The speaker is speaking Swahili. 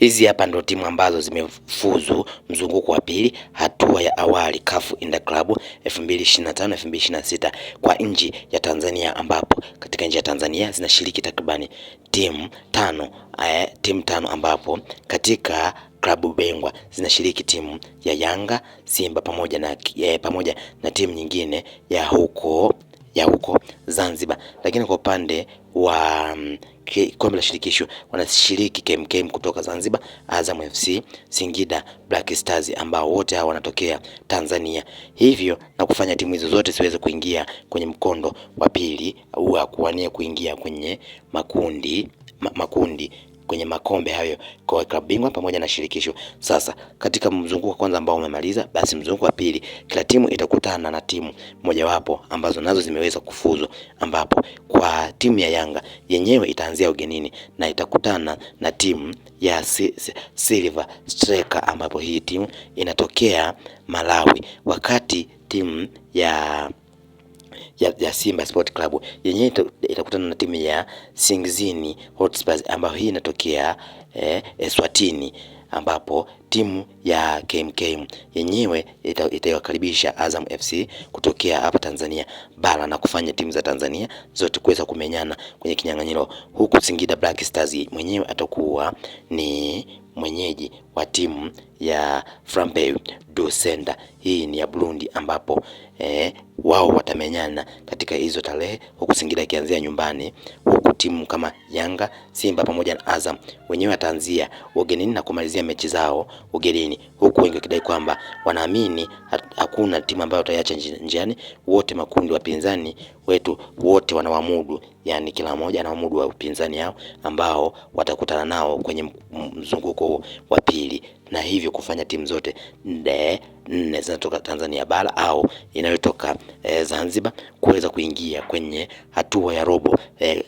Hizi hapa ndo timu ambazo zimefuzu mzunguko wa pili hatua ya awali CAF Inter Club 2025 2026 kwa nchi ya Tanzania, ambapo katika nchi ya Tanzania zinashiriki takribani timu tano, eh, timu tano ambapo katika klabu bengwa zinashiriki timu ya Yanga, Simba pamoja na, eh, pamoja na timu nyingine ya huko ya huko Zanzibar. Lakini kwa upande wa mm, kombe la shirikisho wanashiriki KMKM kutoka Zanzibar, Azam FC, Singida Black Stars ambao wote hawa wanatokea Tanzania, hivyo na kufanya timu hizo zote siweze kuingia kwenye mkondo wa pili au kuwania kuingia kwenye makundi ma, makundi kwenye makombe hayo kwa klabu bingwa pamoja na shirikisho. Sasa katika mzunguko wa kwanza ambao umemaliza, basi mzunguko wa pili kila timu itakutana na timu mojawapo ambazo nazo zimeweza kufuzu, ambapo kwa timu ya Yanga yenyewe itaanzia ugenini na itakutana na timu ya Silver Striker ambapo hii timu inatokea Malawi, wakati timu ya ya, ya Simba Sport Club yenyewe itakutana ita na timu ya Singizini Hotspurs ambayo hii inatokea eh, Eswatini ambapo timu ya KMKM yenyewe itawakaribisha Azam FC kutokea hapa Tanzania bara na kufanya timu za Tanzania zote kuweza kumenyana kwenye kinyang'anyiro, huku Singida Black Stars mwenyewe atakuwa ni mwenyeji wa timu ya Flambeau du hii ni ya Burundi, ambapo eh, wao watamenyana katika hizo tarehe, huku Singida ikianzia nyumbani huku timu kama Yanga, Simba pamoja na Azam wenyewe wataanzia ugenini na kumalizia mechi zao ugenini, huku wengi wakidai kwamba wanaamini hakuna timu ambayo wataiacha njiani. Wote makundi wapinzani wetu wote wanawamudu, yani kila mmoja anawamudu wa upinzani yao ambao watakutana nao kwenye mzunguko wa pili, na hivyo kufanya timu zote nne nne zinatoka Tanzania bara au inayotoka e, Zanzibar kuweza kuingia kwenye hatua ya robo e,